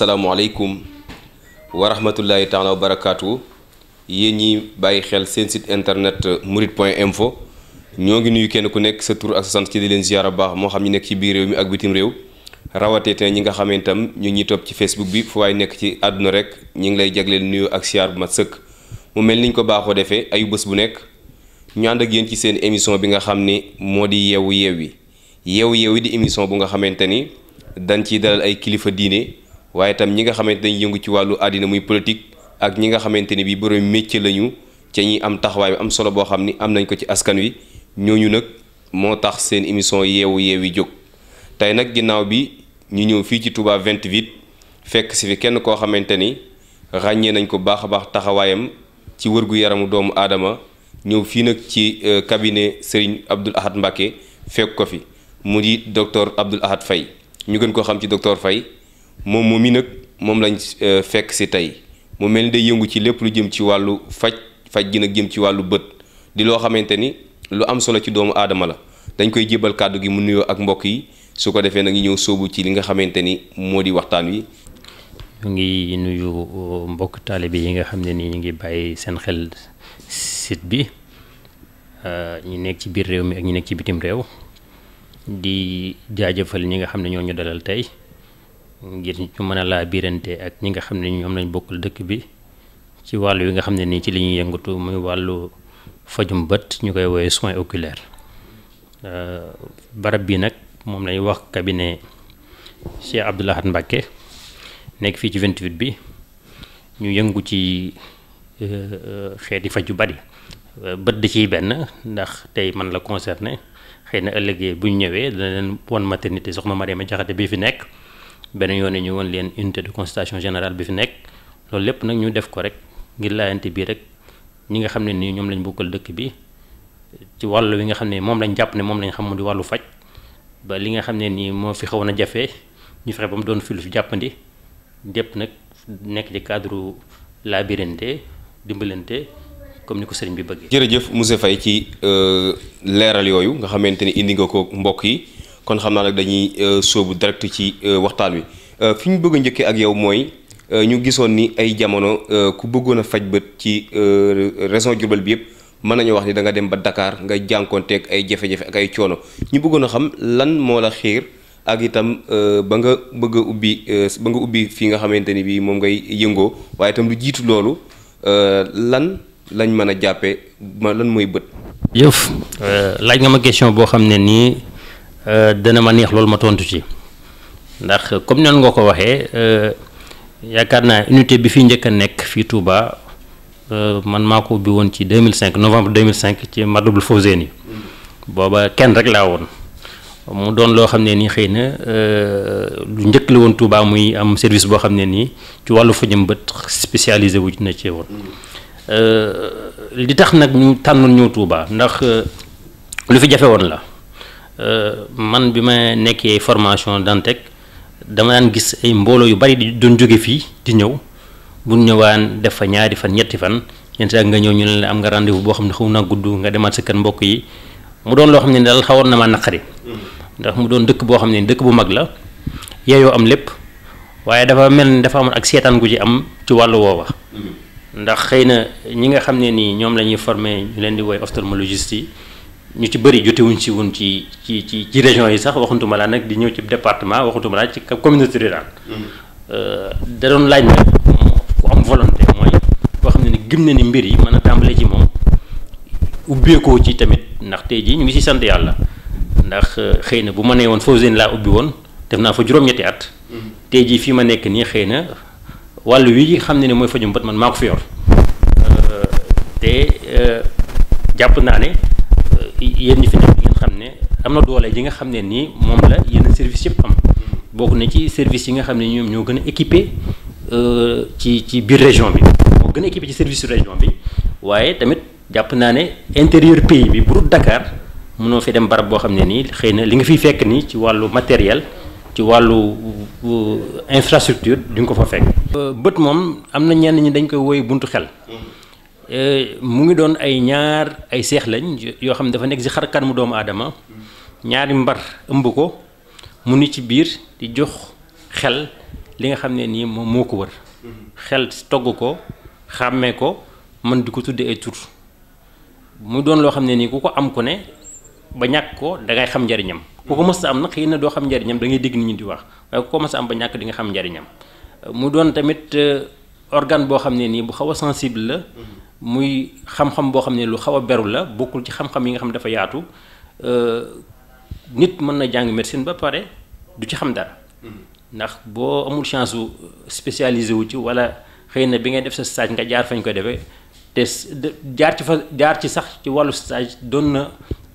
asalaamualeykum wa rahmatullahi taala wa barakaatu yéen ñi bàyyi xel seen site internet euh, murit point info ñoo ngi nuyu kenn ku nekk sa tur ak sa sant ci di leen ziyaara baax moo xam ñu nekk ci biir réew mi ak bitim réew rawatee te ñi nga xam ne ñu ñuy topp ci facebook bi fu waaye nekk ci àdduna rek ñu ngi lay jagleel nuyu ak siyaar bu mat sëkk mu mel niñ ko baaxoo defee ayu bës bu nekk ñu ànd ak yéen ci seen émission bi nga xam ni moo di yeewu yeew yi yeewu yeew yi di émission bu nga xamante ni dañ ciy dalal ay kilifa diine waaye tam ñi nga xamante dañuy yëngu ci wàllu àddina muy politique ak ñi nga xamante ni bii borom métier lañu ca ñi am taxawaay bi am solo boo xam ni am nañ ko ci askan wi ñooñu nag moo tax seen émission yeewu yeewi jóg tey nag ginnaaw bi ñu ñëw fii ci tubaab Touba 28 fekk si fi kenn koo xamante ni ràññee nañ ko baax a baax taxawaayam ci wërgu-yaramu doomu aadama ñëw fii nag ci euh, cabinet Serigne Abdoul Ahad Mbacké fekk ko fi mu di docteur Abdoul Ahad Faye ñu gën koo xam ci docteur Faye moom moom mi nag moom lañ euh, fekk si tey mu mel ni day yëngu ci lépp lu jëm ci wàllu faj faj gi nag jëm ci wàllu bët di loo xamante ni lu am solo ci doomu aadama la dañ koy jébal kàddu gi mu nuyoo ak mbokk yi su ko defee nag ñëw sóobu ci li nga xamante ni moo di waxtaan wi. ñu ngi nuyu euh, mbokk taalibe yi nga xam ne ni ñu ngi bàyyi seen xel site bi euh, ñu nekk ci biir réew mi ak ñu nekk ci bitim réew di jaajëfal ñi nga xam ne ñoo ñu dalal tey. ngir ñu mëna la laa ak ñi nga xam ñom lañ bokkul dëkk bi ci walu yi nga xam ni ci liñu yëngatu muy walu fajum bët ñukay koy soins oculaires euh barab bi nak mom lañ wax cabinet Cheikh Abdullah Lahad Mbacké nekk fii ci 28 bi ñu yëngu ci euh, euh faj faju bari euh, bët di ciy benn ndax tay man la concerner xeyna ëllëgé bu ñëwé da leen wan maternité soxna Mariama Jaxate bi fi nek beneen yoon ñu woon leen unité de constation général bi fi nekk loolu lépp nag ñu def ko rek ngir laayante bii rek ñi nga xam ne nii ñoom lañu bokkal dëkk bi ci wàll wi nga xam ne moom lañ jàpp ne moom lañ xam mu di wàllu faj ba li nga xam ne nii moo fi xawoon na jafe ñu fexe ba mu doon fi lu jàppandi dépp nag nekk ci cadre labyrinthe dimbalante comme ni ko sëriñ bi bëggee. jërëjëf monsieur fay ci euh, leeral yooyu nga xamante ni indi nga ko mbokk yi. kon xam naa nag dañuy euh, sóobu direct ci euh, waxtaan wi euh, fi ñu bëgg a njëkkee ak yow mooy ñu gisoon ni ay jamono ku bëggoon a faj bët ci région Diourbel bi yëpp mën nañu wax ni da nga dem ba dakaar nga jànkoonteeg ay jafe-jafe ak ay coono ñu bëggoon a xam lan moo la xiir ak itam ba nga bëgg ubbi ba nga ubbi fii nga xamante ni bii moom ngay yëngoo waaye itam lu jiitu loolu lan lañ mën a jàppee lan mooy bët. jëf laaj nga ma question boo xam ne nii. Euh, dana ma neex loolu ma tontu ci ndax comme nan nga ko waxee euh, yaakaar naa unité bi fi njëkk a nekk fii Touba euh, man maa ko ubbi woon ci 2005 novembre 2005 ci Matlaboul Fawzeyni booba kenn rek laa woon mu doon loo xam ne nii xëy na lu njëkk la woon Touba muy am service boo xam ne nii ci wàllu fajam bët spécialisé wu na ci woon li tax nag ñu tànnoon ñëw Touba ndax lu fi jafe woon la. Euh, man bi ma nekkee formation Dantec dama daan gis ay mbooloo yu bari di doon jóge fii di ñëw bu ñëwaan def fa ñaari fan ñetti fan yenn saa nga ñëw ñu ne am nga rendez boo xam ne xaw naa gudd nga demaat sa kër mbokk yi mu doon loo xam ne daal xawoon na maa naqari ndax mu doon dëkk boo xam ne dëkk bu mag la yeeyoo am lépp waaye dafa mel ni dafa amoon ak seetaan gu ci am ci wàllu woowa. Mm-hmm. ndax xëy na ñi nga xam ne nii ñoom lañuy forme ñu leen di woy ophtalmologiste yi. ñu ci bëri jotewuñ ci woon ci ci ci ci région yi sax waxuntuma laa nak di ñëw ci département waxuntuma laa ci communauté rurale mm-hmm. euh da doon laaj nag ku am volonté moy ko xamné ni gëm na ni mbir yi mëna tambalé ci mom moom ko ci tamit ndax tey jii ñu ngi ci sant yalla ndax euh, xeyna bu ma nee woon la ubbi won def naa fa juroom ñetti at mm-hmm. tey ji fi ma nekk ni xeyna walu wi xamné ne ne mooy fajum bat man mako ko fi yor euh, euh japp naa ne yéen ñi fi nekk ngeen xam ne am na doole yi nga xam ne nii moom la yenn service yëpp am bokk na ci service yi nga xam ne ñoom ñoo gën a équipé euh, ci ci biir région bi moo gën a équipé ci service région bi waaye tamit jàpp naa ne intérieur pays bi bu dul Dakar mënoo fi dem barab boo xam ne nii xëy na li nga fiy fekk nii ci wàllu matériel ci wàllu euh, infrastructure di ko fa fekk. Euh, bët moom am na ñenn ñi dañ koy woy buntu xel. mu ngi doon ay ñaar ay seex lañ yoo xam dafa nekk si xar kan mu doomu aadama ñaari mbar ëmb ko mu ni ci biir di jox xel li nga xam ne nii moom moo ko wër xel togg ko xàmmee ko man di ko tuddee ay tur mu doon loo xam ne nii ku ko am ku ne ba ñàkk ko da ngay xam njariñam ku ko mës am nag xëy na doo xam njariñam da ngay dégg nit ñi di wax waaye ku ko am ba ñàkk di nga xam njariñam mu doon tamit euh, organe boo xam ne nii bu xaw sensible la muy xam-xam boo xam ne lu xaw a beru la bokkul ci xam-xam yi nga xam ne dafa yaatu euh, nit mën na jàng médecine ba pare du ci xam dara mm-hmm. ndax boo amul chance su spécialisé wu ci wala xëy na bi ngay def sa stage nga jaar fañ ko defee te jaar ci fa jaar ci sax ci wàllu stage doon na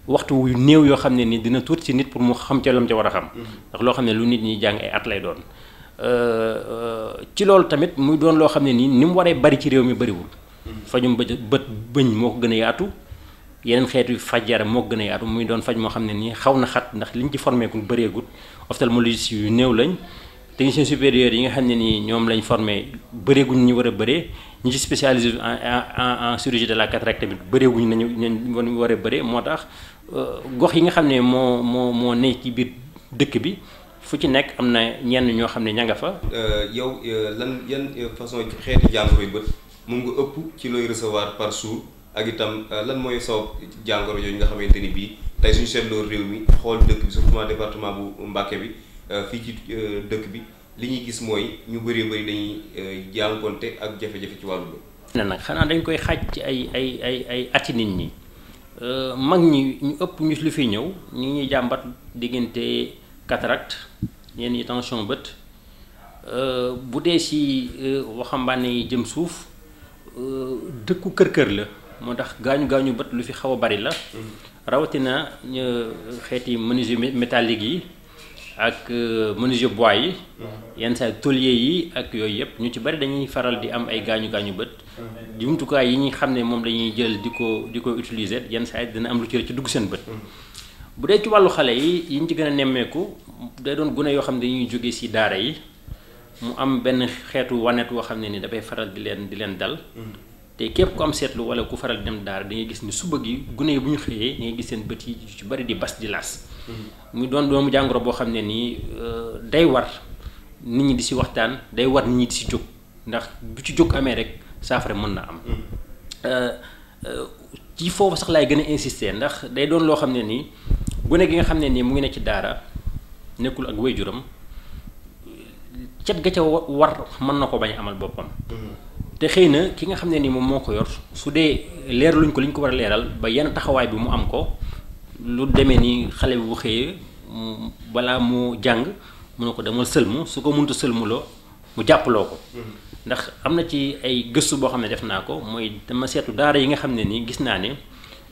waxtu wu néew yoo xam ne ni dina tuuti ci nit pour mu xam ca lam ca war a xam mm-hmm. ndax loo xam ne lu nit ñi jàng ay at lay doon euh, euh, ci loolu tamit muy doon loo xam ne nii ni mu waree bari ci réew mi bariwul fajum bët bët bëñ moo ko gën a yaatu yeneen xeetu faj yaram moo ko gën a yaatu muy doon faj moo xam ne nii xaw na xat ndax liñ ci formé ku bëreegut ophtalmologiste yu néew lañ technicien supérieur yi nga xam ne nii ñoom lañ formé bëreeguñ ñu war a bëree ñi ci spécialisé en en chirurgie de la cataracte tamit bëreeguñ nañu ñu war a bëree moo tax euh, gox yi nga xam ne moo moo moo ne ci biir dëkk bi fu ci nekk am na ñenn ñoo xam ne ña nga fa. Euh, yow euh, lan yan façon xeetu jàngoro yu moom nga ëpp ci looy recevoir par jour euh, lan mooy saw jàngoro yooyu nga xamante ni bii tey suñu réew mi xool dëkk bu Mbacké bi euh, fii euh, dëkk bi li ñuy gis mooy ñu bëree bëri dañuy jànkonte ak jafe ci wàllu na nag xanaa dañ koy xaaj ci ay ay ay ay ati nit ñi mag ñi ñu ëpp ñu lu fi ñëw ñu ngi jàmbat diggante cataracte yenn yi tension bët bu dee si waxambaane yi jëm suuf dëkku kër-kër la moo tax gaañu gaañu bët lu fi xaw a bari la rawatina euh, xeeti menuisier métallique yi ak euh, menuisier bois yi mm-hmm. yenn saa tôlier yi ak yooyu yëpp ñu ci bari dañuy faral di am ay gaañu gaañu bët mm-hmm. jumtukaay yi ñuy xam ne moom dañuy jël di ko di ko utiliser yenn saa dina am lu ci ci dugg seen bët mm-hmm. bu dee ci wàllu xale yi yi ñu ci gën a nemmeeku day doon gune yoo xam ne dañuy jóge si daara yi mu am benn xeetu wanet woo xam ne ni dafay faral di leen di leen dal mm-hmm. te képp ku am seetlu wala ku faral dem daara da gis ni suba gi gune yi bu ñu xëyee da ngay gis seen bët yi ci bari di bas di laas mm-hmm. mu doon doomu jàngoro boo xam ne nii euh, day war nit ñi di si waxtaan day war nit ñi di si jóg ndax bu ci jóg amee rek saafara mën na am mm-hmm. euh, euh, ci foofu sax lay gën a insister ndax day doon loo xam ne nii gune gi nga xam ne nii mu ngi ne ci daara nekkul ak waajuram cet ga ca war mën na ko bañ amal boppam. te xëy na ki nga xam ne ni moom moo ko yor su dee leer luñ ko liñ ko war a leeral ba yenn taxawaay bi mu am ko lu demee ni xale bi bu xëyee balaa mu jàng mu ne ko dama sëlmu su ko munta sëlmuloo mu jàppaloo ko. ndax am na ci ay gëstu boo xam ne def naa ko mooy dama seetu daara yi nga xam ne nii gis naa ne.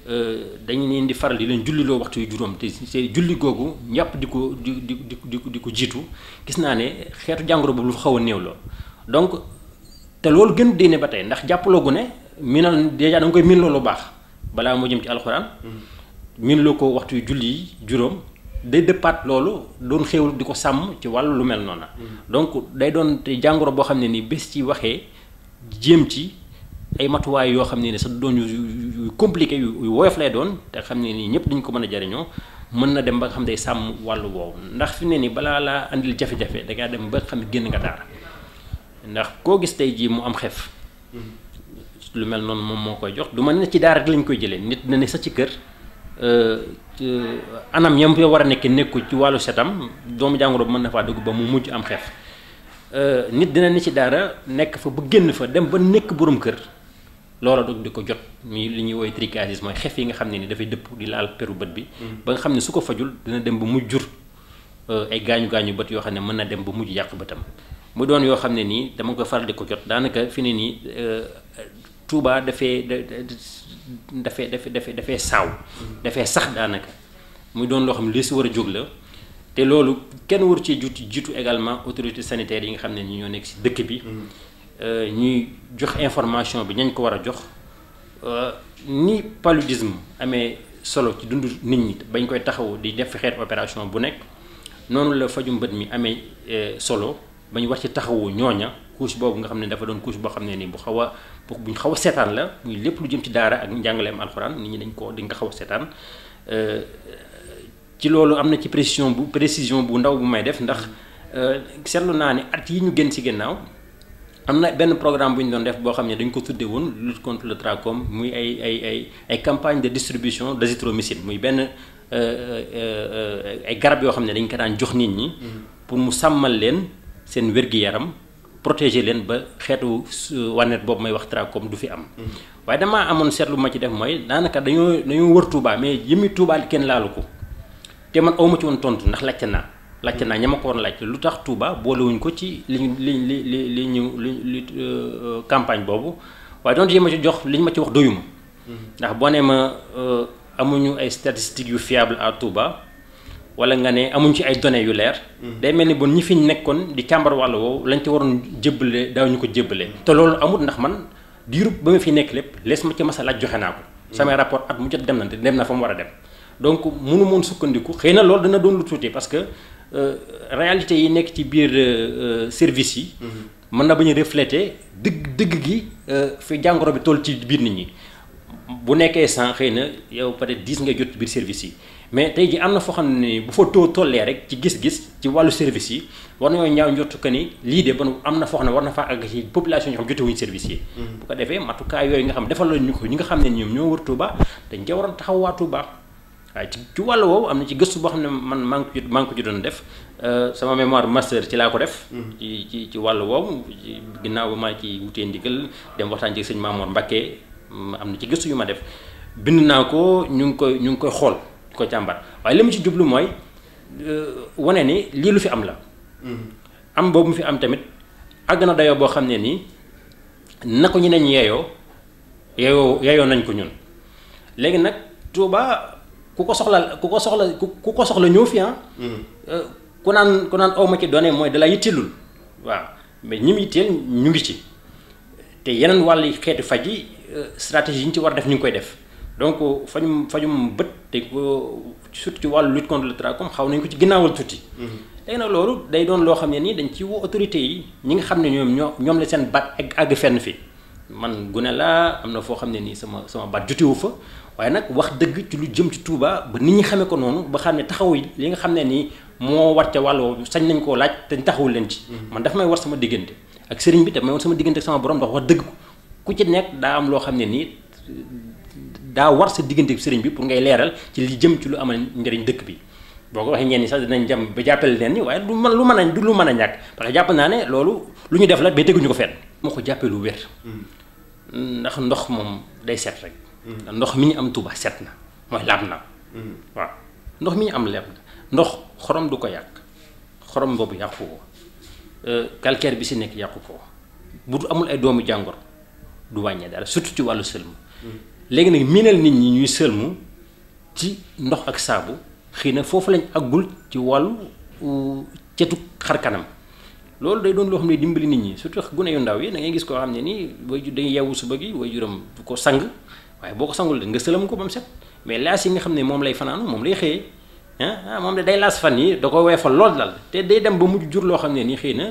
Euh, dañu leen di faral di leen julliloo waxtu yu juróom te julli googu ñàpp di ko di di di ko jiitu gis naa ne xeetu jàngoro boobu lu xaw a néew la donc te loolu gën ne ba tey ndax jàppaloo gu ne miinal dèjà da nga lu baax balaa moo jëm ci alxuraan. Mm-hmm. ko waxtu yu julli yi juróom. day dëppaat loolu doon xéewal di ko sàmm ci wàll lu mel noonu. Mm-hmm. donc day doon te jàngoro boo xam ne nii bés ci waxee jéem ci. ay matuwaay yoo xam ne ne sa doon yu compliqué yu woyof lay doon te xam ne ni ñëpp dañ ko mën a jariñoo mën na dem ba xam day sàmm wàllu woowu ndax fi ne ni balaa laa andil jafe-jafe dem ba xam génn nga daara ndax koo gis tey jii mu am xef lu mel noonu moom moo koy jox du ma ne ci daara lañ koy jëlee nit na ne sa ci kër euh, anam yam war a nekk nekku ci wàllu setam doomu jàngoro mën na faa dugg ba mu mujj am xef euh, nit dina ne ci daara nekk fa ba génn fa dem ba nekk boroom kër loola doog di ko jot muy li ñuy woy trichiasis mooy xef yi nga xam ne ni dafay dëpp di laal peru bët bi mm. ba nga xam ne su ko fajul dina dem ba mujj jur euh, ay gaañu gaañu bët yoo xam ne mën na dem ba mujj yàq bëtam mu doon yoo xam ne nii dama ko faral di ko jot daanaka fi ne nii euh, Touba dafee dafee dafee dafee saaw mm. dafee sax daanaka muy doon loo xam ne li si war a jóg la te loolu kenn war cee jiitu jiitu également autorités sanitaires yi nga xam ne ni ñoo nekk si dëkk bi mm. Euh, ñuy jox information bi ñañ ko war a jox euh, ni paludisme amee solo ci dundu nit ñi bañ koy taxaw di def xeet opération bu nekk noonu la faju mbët mi amee euh, solo bañ war ci taxawu ñooña couche boobu nga xam ne dafa doon couche boo xam ne ni bu xaw a buñ xaw a seetaan la muy lépp lu jëm ci daara ak njàngaleem alxuraan nit ñi dañ ko dañ ko xaw a seetaan ci loolu am na ci précision bu précision bu ndaw bu may def ndax seetlu naa ne at yi ñu gën ci gannaaw am na benn programme bu ñu doon def boo xam ne dañ ko tuddee woon lutte contre le trachome muy ay ay ay ay campagne de distribution d'azithromycine muy benn euh, euh, ay garab yoo xam ne dañ ko daan jox nit ñi. pour mu sàmmal leen seen wér-gi-yaram protéger leen ba xeetu wànnet boobu may wax trachome du fi am. Mm-hmm. waaye damaa amoon seetlu ma ci def mooy daanaka dañoo dañoo wër Touba mais yëmi Touba kenn laalu ko te man awma ci woon tontu ndax lacc naa. laajte naa ña ma ko woon lu tax Touba boolewuñ ko ci li ñu li li li li ñu li euh, campagne boobu waaye doonte yi ma ci jox li ma ci wax doyuma ndax boo nee ma euh, amuñu ay statistiques yu fiable à Touba wala nga ne amuñ ci ay données yu leer. Mm-hmm. day mel ni bon ñi fi nekkoon di càmbar wàll woowu lañ ci waroon jëbbale daaw ñu ko jëbbale te loolu amul ndax man diirub ba ma fi nekk lépp lees ma ci masa laaj joxe naa ko. Mm-hmm. samay rapport at mu jot dem na dem na fa mu war a dem donc mënu sukkandiku xëy na loolu dana doon lu tuuti parce que. Euh, réalité yi nekk ci biir euh, euh, service yi. Mhm. mën na ba ñu refléter dëgg dëgg gi fi jàngoro bi toll ci biir nit ñi bu nekkee sans xëy na yow peut-être dix nga jot biir service yi mais tey ji am na foo xam ne bu fa too tollee rek ci gis-gis ci wàllu service yi war nañoo ñaaw njort que ni lii de bon am na foo xam ne war na fa àgg ci population yi nga xam jotewuñu service yi. Mhm. bu ko defee matukaay yooyu nga xam defal la ñu ko ñi nga xam ne ñoom ñoo wër Touba dañ ca a taxaw waaye ci ci wàll woowu am ci gëstu boo xam man maa ngi ko ci maa ci doon def euh, sama mémoire master ci laa ko def. Mm-hmm. ci ci ci wàll woowu ginnaaw ba ma ci wutee ndigal dem waxtaan ci sëñ Mamour Mbacké mm, am ci gëstu yu ma def bind naa ko ñu ngi koy ñu ngi koy xool ko càmbar waaye li mu ci jublu mooy euh, wane ni lii lu fi am la. Mm-hmm. am boobu mu fi am tamit àgg na dayoo boo xam ne nii na ko ñu nañ yeeyoo yeeyoo yeeyoo nañ ko ñun léegi nag Touba. ku ko soxla ku ko soxla ku ko soxla ñëw fi ah. Mm-hmm. Euh, ku naan ku naan aw ma ci données mooy da la yitteelul waaw mais ñi mu yitteel ñu ngi ci te yeneen wàll yi xeetu faj yi euh, stratégie yi ñu ci war def ñu ngi koy def donc euh, fajum fajum bët te ko surtout ci wàllu lutte contre le trachome xaw nañ ko ci ginnaawal tuuti. Mm-hmm. léegi nag loolu day doon loo xam ne nii dañ ci woo autorités yi ñi nga xam ne ñoom ñoo ñoom la seen bat ak àgg fenn fi man gune laa am na foo xam ne nii sama sama baat jutiwu fa. waye nak wax deug ci lu jëm ci Touba ba nit ñi xamé ko nonu ba xamné ne li nga xamné ni nii war ci walu sañ nañ ko laaj te taxawul leen ci. Mm-hmm. man daf may war sama digënté ak sëriñ bi daf may won sama digënté ak sama borom dox wax deug ku ci nekk da am lo xamné ni da daa war sa digënté ak sëriñ bi pour ngay leeral ci li jëm ci lu amal ndëriñ dëkk bi. boko ko waxee ni sax dinañ jam ba jappel leen ni waye du man lu mën du lu mëna ñak parce que japp na né loolu lu ñu def la ba teguñu ko fenn. moo ko wër mm-hmm. ndax ndox mom day sét rek Mm-hmm. ndox mi ñi am tuba set na mooy lab na mm-hmm. ndox mi ñi am labna, ndox xorom du ko yak xorom bobu yakku ko euh, calcaire bi ci nek yakku ko bu amul ay doomu jangor du wàññee dara surtout ci walu selmu mm-hmm. léegi nak minel nit ñi ñuy selmu ci ndox ak sabu xina fofu lañ agul ci wàllu cetu xar kanam lol day doon lo xam dimbali nit ñi surtout gune yu ndaw yi da ngay gis ko xam ni way ju day yewu su gi way juram ko sang waye boko sangul de nga selam ko bam set mais laas yi nga xamne mom lay fanan mom lay xey hein ah, ah, mom day las fan yi dako wéfa lol dal té day dem ba mujj jur lo xamne ni xeyna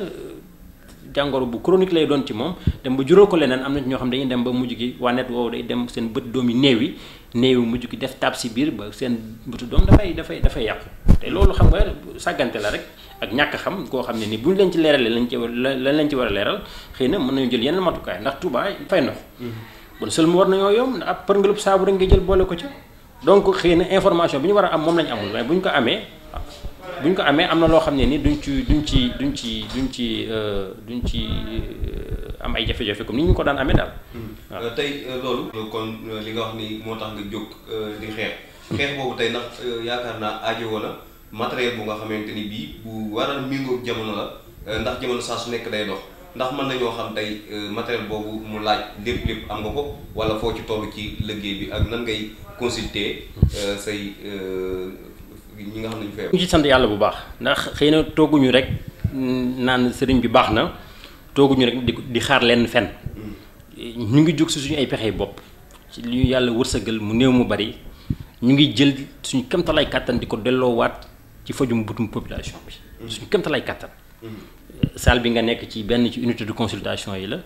jangoro bu chronique lay don ci mom dem ba juro ko lenen amna ño ñoo xam dañuy dem ba mujj gi wa net wo day dem sen beut domi newi newi yi néew yi mujj gi def tab si biir ba da fay da fay da fay yàqu té lolou xam nga sàggante la rek ak ñak xam ko xamne ni buñ leen ci leeralee lañ ci war lañ leen ci wara a xeyna mën nañu jël yeneen matukaay ndax Touba fay ndox kon seulement war nañoo yomb ndax ab përngalub saabu rek nga jël boole ko ca donc xëy na information bi ñu war a am moom lañu amul mais bu ñu ko amee bu ñu ko amee am na loo xam ne ni duñ ci duñ ci duñ ci duñ ci euh, duñ ci euh, am ay jafe-jafe ñu ko daan amee daal. Hmm. tey euh, loolu. kon li nga wax ni moo tax nga jóg di xeex. xeex boobu tey ndax yaakaar naa aajo wala matériel bu nga xamante ni bii bu war a méngóog jamono la ndax jamono saa su nekk day dox. ndax mën nañoo xam tey euh, matériel boobu mu laaj lépp lépp am nga ko wala foo ci toll ci liggéey bi ak nan ngay consulter euh, say euh, ñi nga xam ne ñu fee. ñu ci sant yàlla bu baax ndax xëy na tooguñu rek naan sëriñ bi baax na tooguñu rek di di xaar lenn fen ñu ngi jóg si suñu ay pexe bopp ci li ñu yàlla wërsëgal mu néew mu bari ñu ngi jël suñu kéemtalaay kàttan di ko delloowaat ci fajum butum population bi. Mm. suñu kéemtalaay kàttan. salle bi nga nekk ci benn ci unité de consultation yi la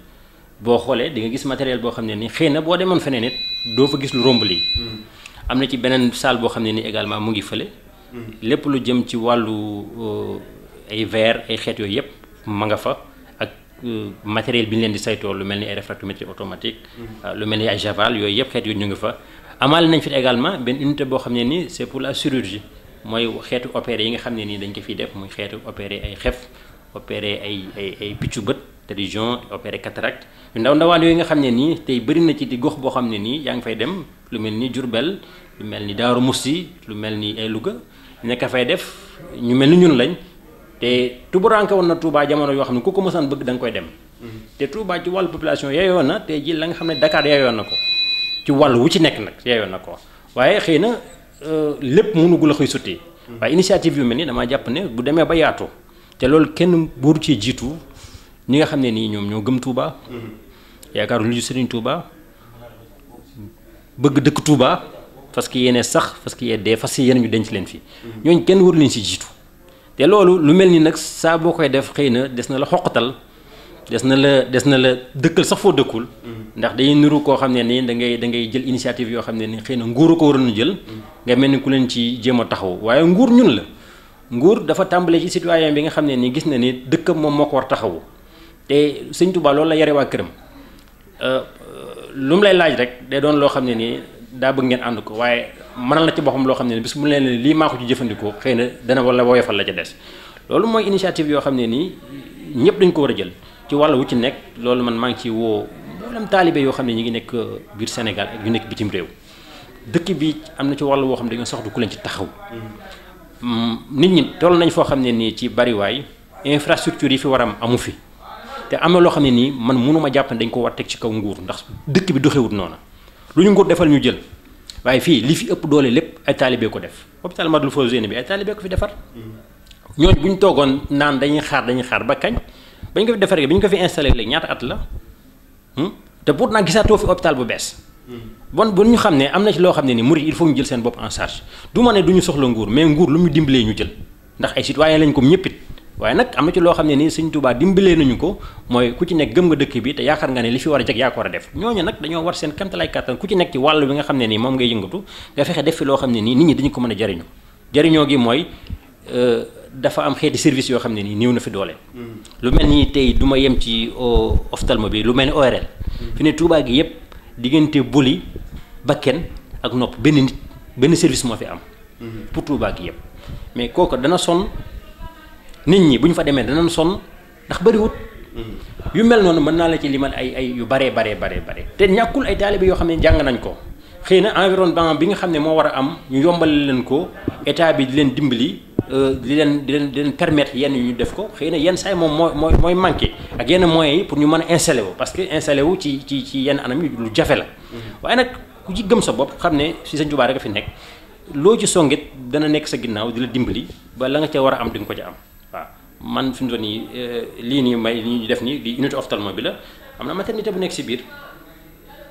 boo xoolee di nga gis matériel boo xam ne nii xëy na boo demoon feneen it doo fa gis lu romb lii. Mm. am na ci beneen salle boo xam ne ni également mu ngi fële. Mm. lépp lu jëm ci wàllu euh, ay verre ay xeet yëpp ma nga fa ak euh, matériel bi ñu leen di saytoo lu mel ni ay réfractométrie automatique. Mm. Euh, lu mel ni ay javal yooyu yëpp xeet yooyu ñu ngi fa. amaale nañ fi également benn unité boo xam ne ni c'est pour la chirurgie mooy xeetu opéré yi nga xam ne nii dañ ko fiy def muy xeetu opéré ay xef. opéré ay ay ay piccu bët té di jon opéré cataract yu ndaw ndawaan yooyu nga xamné ni nii bari na ci di gox bo xamné ni fay dem lu melni jurbel lu melni daru eluga. musi lu melni ay eh, louga nekk fay def ñu melni ñun lañ té tuburanke woon na touba jamono yo xamné kuko mësan bëgg dang koy dem mm-hmm. té touba ci wal population yeyo na té ji la nga xamné dakar yeyo na ko ci wal wu ci nek nak yeyo na ko xeyna euh lepp mënu mm-hmm. initiative yu melni dama japp ne bu démé ba yaatu te loolu kenn buur ci jiitu ñi nga xam ne nii ñoom ñoo gëm Touba. yaakaar lu ñu Serigne Touba bëgg dëkk Touba parce que yéen sax parce que yéen dee fas yéen ñu denc leen fii ñooñ kenn waru leen si jiitu. te loolu lu mel ni nag saa boo koy def xëy na des na la xoqatal des na la des na la dëkkal sax foo dëkkul. ndax dañuy niru koo xam ne ni da ngay da ngay jël initiative yoo xam ne ni xëy na nguur a ko waroon jël. nga mel ni ku leen ci jéem a taxaw waaye nguur ñun la. nguur dafa tàmbalee ci citoyen bi nga xam ne ni gis na ni dëkkam moom moo ko war taxawu te sëñ Touba loolu la yare waa këram euh, lu mu lay laaj rek day doon loo xam ne nii daa bëgg ngeen ànd ko waaye mënal na ci boppam loo xam ne ni bis mu leen lii maa ko ci jëfandikoo xëy na dana wala woyofal la ca des loolu mooy initiative yoo xam ne nii ñëpp dañ ko war a jël ci wàll wu ci nekk loolu man maa ngi ci woo mboolem taalibe yoo xam ne ñi ngi nekk biir Sénégal ak ñu nekk bitim réew dëkk bi am na ci wàll woo xam ne dañoo soxla ku leen ci taxaw Mm, nit ñi toll nañ foo xam ne nii ci bariwaay infrastructure yi fi war am amu fi te am na loo xam ne nii man mënuma jàpp ne dañ ko war teg ci kaw nguur ndax dëkk bi doxewut noona lu ñu nguur defal ñu jël waaye fii li fi ëpp doole lépp ay taalibe ko def hôpital Matlaboul Fawzeyni bi ay taalibe ko fi defar mm-hmm. ñooñu bu ñu toogoon naan dañuy xaar dañuy xaar ba kañ bañ ko fi defaree bi ñu ko fi installé léegi ñaata at la hmm? te pour naa gisaatoo fi hôpital bu bees bon bu ñu xam ne am na ci loo xam ne ni murid il faut ñu jël seen bopp en charge du ma ne du ñu soxla nguur mais nguur lu mu dimbalee ñu jël ndax ay citoyen lañ ko ñëppit waaye nag am na ci loo xam ne nii Sëñ Tuubaa dimbalee nañu ko mooy ku ci nekk gëm nga dëkk bi te yaakaar nga ne li fi war a a def ñooñu nag dañoo war seen kamtalaay kàttan ku ci nekk ci wàll bi nga xam ne nii moom ngay yëngatu nga fexe xam ne nii nit ñi dañu a jariñu jariñoo gi mooy euh, dafa am xeeti service yoo xam ne nii néew na fi doole mm. lu mel ni tey ma yem ci euh, oftalmo bi lu mel ni ORL mm. ne Tuubaa gi yëpp diggante buli bakken ak nopp benn nit benn service moo fi am. Mhm. pour Touba gi yëpp. mais kooku dana sonn nit ñi bu ñu fa demee dana sonn ndax bëriwut. Mhm. yu mel noonu mën naa la ci limal ay ay yu bare baree baree bare te ñàkkul ay taalibe yoo xam ne jàng nañ ko xëy na environnement bi nga xam ne moo war a am ñu yombal leen ko état bi di leen dimbali. Euh, di leen di leen di permettre yenn ñu def ko xëy na yenn saay moom mooy mooy manqué ak yenn moyens yi pour ñu mën a installé wu parce que installé wu ci ci ci yenn anam yu lu jafe la mm-hmm. waaye nag ku ci gëm sa bopp xam ne si Sëñ Tuubaa rek fi nekk loo ci songit dana nekk sa ginnaaw di la dimbali ba la nga ca war a am di nga ko ca am waaw man fi mu toll nii euh, lii nii may li ñu def nii di unité ophtalmo bi la am na maternité bu nekk si biir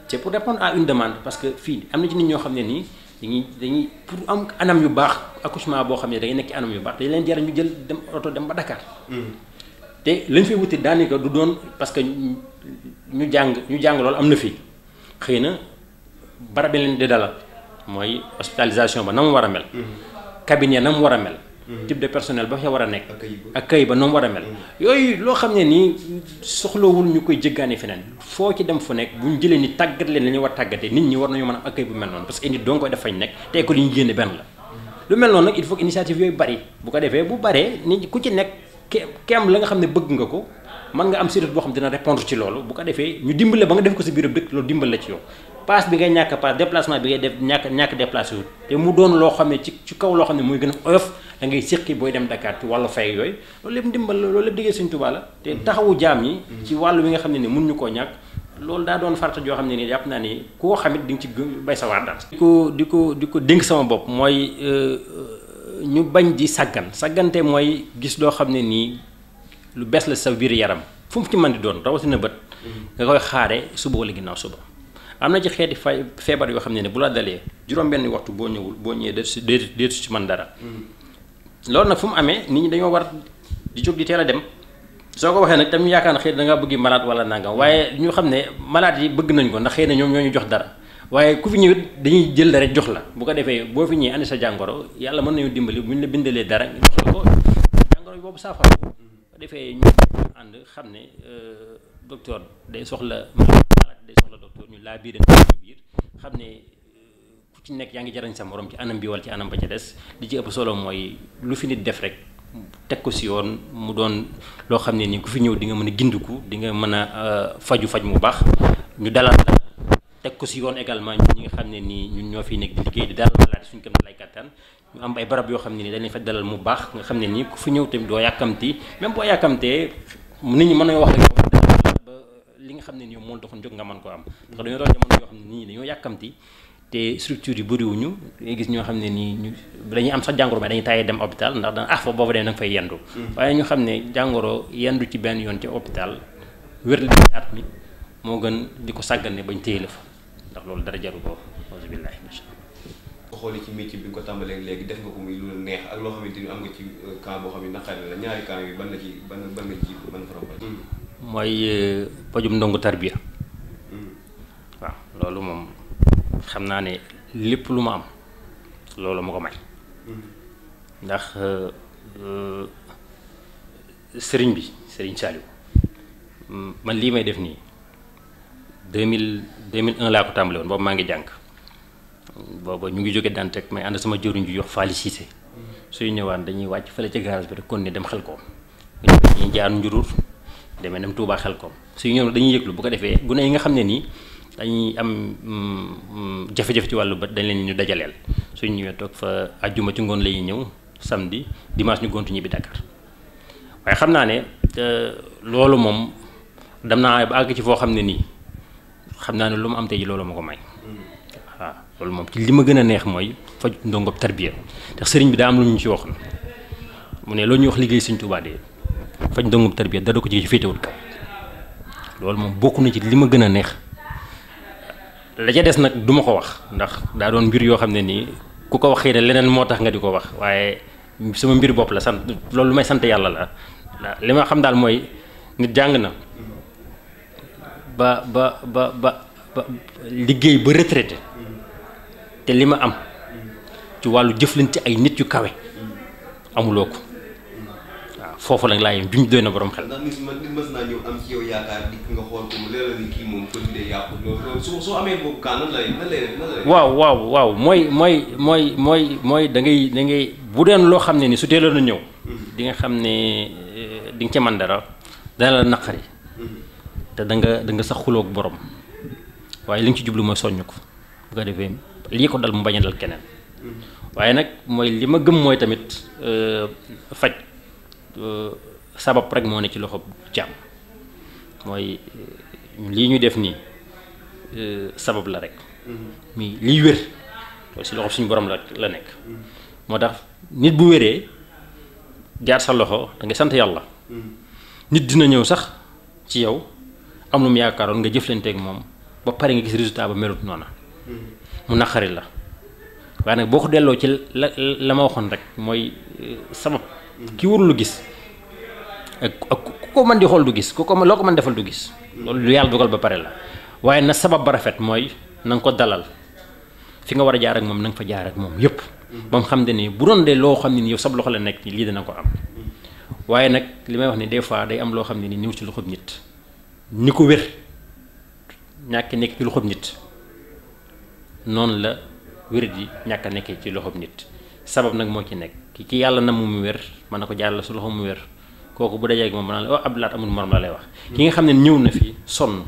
c'est pour répondre à une demande parce que fii am na ci nit ñoo xam ne nii dañuy dañuy pour am anam yu baax accouchement boo xam ne da ngay nekk anam yu baax dañ leen jar ñu jël dem oto dem ba Dakar. Hmm. te lañ fay wuti daanaka du doon parce que ñu jàng ñu jàng loolu am na fi xëy na barab yi leen di dalal mooy hospitalisation ba na mu war a mel. Hmm. cabinet na mu war a mel. Mm-hmm. type de personnel ba fa war a nekk. ak kay ba noonu war a mel. Mm-hmm. yooyu loo xam ne nii soxlawul ñu koy jéggaane feneen foo ci dem fu nekk bu ñu jëlee ni tàggat leen la ñu war tàggatee nit ñi war nañu mën a accueil bu mel noonu parce que nit doo koy def fañ nekk te école yi ñu génne benn la. Mm-hmm. lu mel noonu nag il faut initiative yooyu bari bu ko defee bu baree nit ku ci nekk kem la nga xam ne bëgg nga ko. mën nga am service boo xam dina répondre ci loolu bu ko defee ñu dimbale ba nga def ko sa biir dëkk loolu dimbal la ci pas bi ngay ñak pas déplacement bi ngay def ñak ñak déplacé wut mu doon lo xamé ci ci kaw lo xamné muy gëna oyof da ngay sékki boy dem Dakar ci walu fay yoy loolu lepp dimbal loolu lepp digé Sëñ touba la té mm-hmm. taxawu jaam yi mm-hmm. ci walu wi nga xamné ni mun ko ñak loolu da doon farta jo xamné ni yap na ni ko xamit di ci bay sa waar daal di diko di sama bop moy euh, euh, ñu bañ di sagan saganté moy gis do xamné ni lu bees la sa biir yaram fu mu ci man di doon na bët mm-hmm. nga koy bo suba wala ginnaaw suba am na ci xeeti fay feebar yoo xam ne ne bu la dalee juróom-benn waxtu boo ñëwul boo ñëwee def déet déet si man dara. Mm-hmm. loolu nag fu mu amee nit ñi dañoo war di jóg di teel a dem soo ko waxee nag tam ñu yaakaar na xëy da ngaa bëgg malade wala nangam mm-hmm. waaye ñu xam ne malade yi bëgg nañ ko ndax xëy na ñoom ñoo ñu jox dara waaye ku fi ñëwit dañuy jël dara jox la bu ko defee boo fi ñëwee ànd sa jàngoro yàlla mën nañu dimbali bu ñu la bindalee dara nga jox la boobu saafara ko mm-hmm. ànd xam ne euh, docteur day soxla malade day soxla docteur ñu laa biirante suñu biir xam ne euh, ku ci nekk yaa ngi sa morom ci anam bi wala ci anam ba ca des li ci ëpp solo mooy lu fi nit def rek teg ko si yoon mu doon loo xam ne nii ku fi ñëw di nga mën a gindiku di nga mën euh, faju faj mu baax ñu dalal la teg ko si yoon également ñi nga xam ne ñun ñoo fi di liggéey di dalal malaadi suñu kam ne lay kattan ñu am ay barab yoo xam ne dañ fa dalal mu baax nga xam ne nii ku fi ñëw tamit doo yàkkamti même boo yàkkamtee nit ñi mën a wax ak moo taxoon jóg nga mën koo am ndax dañoo doon jamono yoo xam ne nit ñi dañoo yàkkamti te structure yi bëriwuñu dañuy gis ñoo xam ne nii dañuy am sax jàngoro mais dañuy tàyyee dem hôpital ndax dana ah fa boobu dee da nga fay yendu hmm. waaye ñu xam ne jàngoro yendu ci benn yoon ci hôpital wér li at mi moo gën di ko sàggane bañ téye la fa ndax loolu dara jaru ko auzubillahi ko xoolee ci métier bi ko tàmbalee léegi def nga ko muy lu neex ak loo xamante ni am nga ci euh, camp boo xam ne naqari la ñaari camp yi ban na ci ban ban ci ban faram mooy euh, pajum ndongu tarbiya waaw loolu moom xam naa ne lépp lu ma am loolu ma ko may ndax euh, euh, sëriñ bi sëriñ Saliou man lii may def nii deux mille deux mille en laa ko tàmbale woon boobu maa ngi jàng booba ñu ngi jóge daan teg may ànd sama jëriñ ju yox faali siise suy ñëwaan dañuy wàcc fële ca garage bi rek kon ne dem xel ko ñuy jaar njurur demee nam Touba xel ko su ñëw dañuy yëglu bu ko defee gune yi nga xam ne nii dañuy am mm, mm, jafe-jafe ci wàllu bët dañ leen ñu dajaleel suñ ñëwee toog fa ajjuma ci ngoon lañuy ñëw samedi dimanche ñu gontu ñibbi Dakar waaye xam naa ne loolu moom dem naa ba àgg ci foo xam ne nii xam naa ne lu mu am te ji loolu ma ko may waaw loolu moom ci li ma gën a neex mooy faj ndongob tarbiya ndax sëriñ bi daa am lu ñu ci waxoon mu ne loolu ñuy wax liggéey Sëriñ Tuubaa fañ dongum tarbiya dara ko ci féetewul kaw loolu moom bokk na ci li ma gën a neex la ca des nag duma ko wax ndax daa doon mbir yoo xam ne nii ku ko wax xëy leneen moo tax nga di ko wax waaye sama mbir bopp la sant loolu may sant yàlla la li ma xam daal mooy nit jàng na ba ba ba ba liggéey ba retraité te li ma am ci wàllu jëflante ay nit yu kawe amuloo ko fofu lañ lay duñ doyna borom xel. waaw waaw waaw moy moy moy moy moy da ngay da ngay bu den lo xam ni su teeloon na ñew mhm. di nga xam eh, di nga ci man dara da la nakari mhm. te da nga da nga sax xuloog borom waye li nga ci jublu mooy soñu ko bu ga defé li ko dal mu bañal kenen mhm. waye nak moy lima gëm moy tamit euh fajj Euh, sabab rek moo ne ci loxo jàmm mooy euh, lii ñu def nii euh, sabab la rek mi mm-hmm. liy wér si loxo suñu borom la la nekk mm-hmm. moo tax nit bu wéree jaar sa loxo da ngay sant yàlla mm-hmm. nit dina ñëw sax ci yow am lu mu yaakaaroon nga jëflanteeg moom ba pare nga gis résultat ba melut noona mu naqari la waaye nag boo ko delloo ci la la ma waxoon rek mooy sabab ki lu gis ak ku ko mën di xool du gis ku ko loo ko man defal du gis loolu lu yàlla dogal ba pare la waaye na sabab ba rafet mooy nanga ko dalal fi nga war a jaar ak moom na nga fa jaar ak moom yëpp ba mu xam ne ni bu doon dee loo xam ne ni yow sab loxo la nekk ni lii dana ko am waaye nag li may wax ne des fois day am loo xam ne ni ñëw ci loxob nit ni ko wér ñàkk nekk ci loxob nit noonu la wér di ñàkk nekk ci loxob nit sabab nag moo ci nekk ki yàlla na mu mu wér mën na ko jàll su loxo mu wér kooku bu dajee ak moom mën naa la oh Abdoulaye amul morom la lay wax. ki nga xam ne ñëw na fi sonn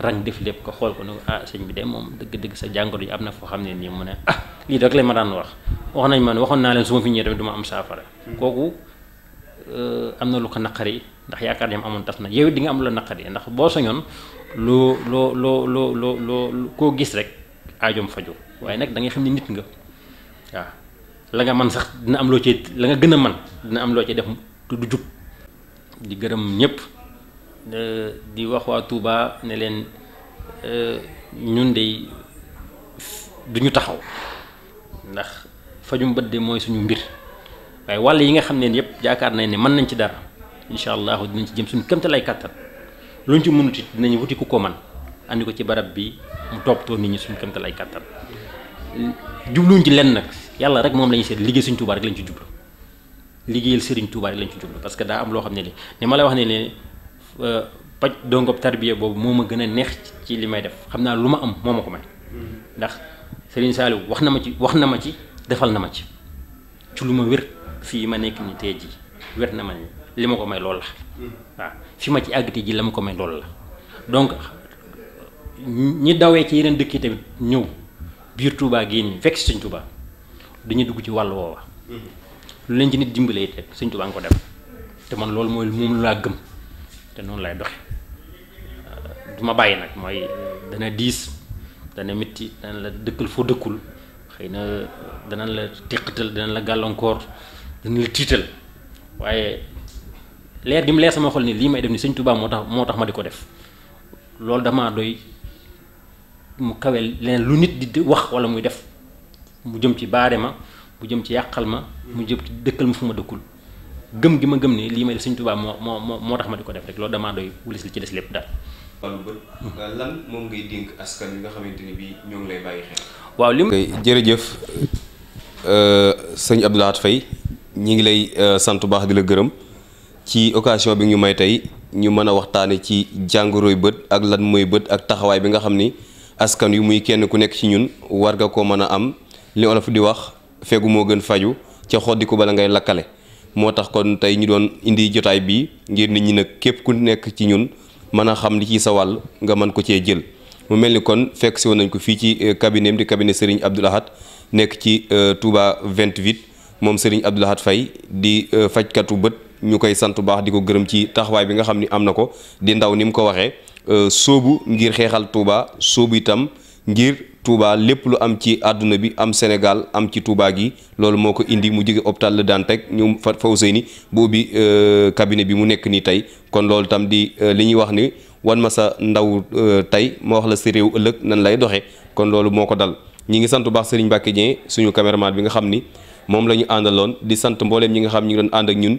rang def lépp ko xool ko ne ko ah, sëñ bi de moom dëgg-dëgg sa jàngoro yi am na foo xam ne nii mu ne ah lii rek lañ ma daan wax wax nañ ma ne waxoon naa leen su ma fi ñëwee tamit am saafara. Hmm. kooku euh, am na lu ko naqari ndax yaakaar nañ amoon tas na yow it di nga am lu naqari ndax boo soñoon loo loo loo loo loo koo gis rek aajoom faju waaye nag da xam ne nit nga waaw. la nga man sax dina am lo ci la nga gëna man dina am lo ci def du jub di gërëm ñëpp di wax wa Touba ne euh ñun de duñu taxaw ndax fajum bët moy suñu mbir waaye wal yi nga xamne ne jaakar nañ ne man nañ ci dara inshallah dinañ ci jëm suñu këmte lay katat luñ ci mënut it dinañ wuti ku ko man andi ko ci barab bi mu to nit ñi suñu këmte lay kàttan jubluñ ci len nak yàlla rek moom la ñuy seet liggéey Sëriñ Tuubaa rek lañ ci jublu liggéeyal Sëriñ Tuubaa rek lañ ci jublu parce que daa am loo xam ne li ne ma la wax ne ni euh, paj dongob tarbiya boobu moo ma gën a neex ci li may def xam naa lu ma am moo ma ko may ndax Sëriñ Saliou wax na ma ci wax na ma ci defal na ma ci ci lu ma wér fii ma nekk ni tey jii wér na ma ni li ma ko may loolu la waaw fi ma ci àgg tey jii la ma ko may loolu la donc ñi dawee ci yeneen dëkk tamit ñëw biir Touba gii nii fekk Sëriñ Touba dañuy dugg ci wàll woowa. lu leen ci nit dimbalee it rek nga ko def te man loolu mooy moom laa gëm te noonu lay doxe euh, du bàyyi nag mooy dana diis dana métti dana la dëkkal foo dëkkul xëy na dana la teqatal dana la gàllankoor dana tiital waaye leer gi sama xol ni lii may def ni sëñ Tuubaa moo tax moo tax ma di ko def loolu damaa doy mu kawel leneen lu nit di wax walla muy def mu jëm ci baare ma mu jëm ci yàqal ma mu jëm ci dëkkal ma fu ma dëkkul gëm gi ma gëm ne lii may sëñ Tuubaa moo moo tax ma di ko def rek loolu damaa doy wulis li ci des lépp daal hmm. lan moom ngay dénk askan wi nga xamante ni bii ñoo ngi lay bàyyi xel waaw li jërëjëf euh, sëñ Abdou Lahad Faye ñi ngi lay euh, sant baax di la gërëm ci occasion bi ñu may tey ñu mën a waxtaane ci jàngoroy bët ak lan mooy bët ak taxawaay bi nga xam ni askan wi muy kenn ku nekk ci ñun war nga koo mën a am li olaf di wax fegu mo gën faju ca ko bala ngay lakkale motax kon tay ñu doon indi jotaay bi ngir nit ñi nak kep ku nekk ci ñun mëna xam li ci sa wal nga man ko ci jël mu melni kon fekk ci won nañ ko fi ci cabinet di cabinet Serigne Abdoul Ahad nekk ci euh, Touba 28 mom Serigne Ahad fay di euh, fajj bët beut ñukay sant baax di ko ci taxway bi nga xamni amna ko di ndaw nim ko waxe euh, sobu ngir xéxal Touba sobu itam ngir Touba lépp lu am ci àdduna bi am Sénégal am ci Touba gi loolu moo ko indi mu jóge hôpital Le Dantec ñu fa Fawzeyni bu ubbi euh, cabinet bi mu nekk nii tey kon loolu tam di euh, li ñuy wax ni wan ma sa ndaw euh, tey ma wax la si réew ëllëg nan lay doxee kon loolu moo ko dal ñi ngi sant baax Serigne Mbacké Dieng suñu caméraman bi nga xam ni moom la ñu àndaloon di sant mbooleem ñi nga xam ñu ngi doon ànd ak ñun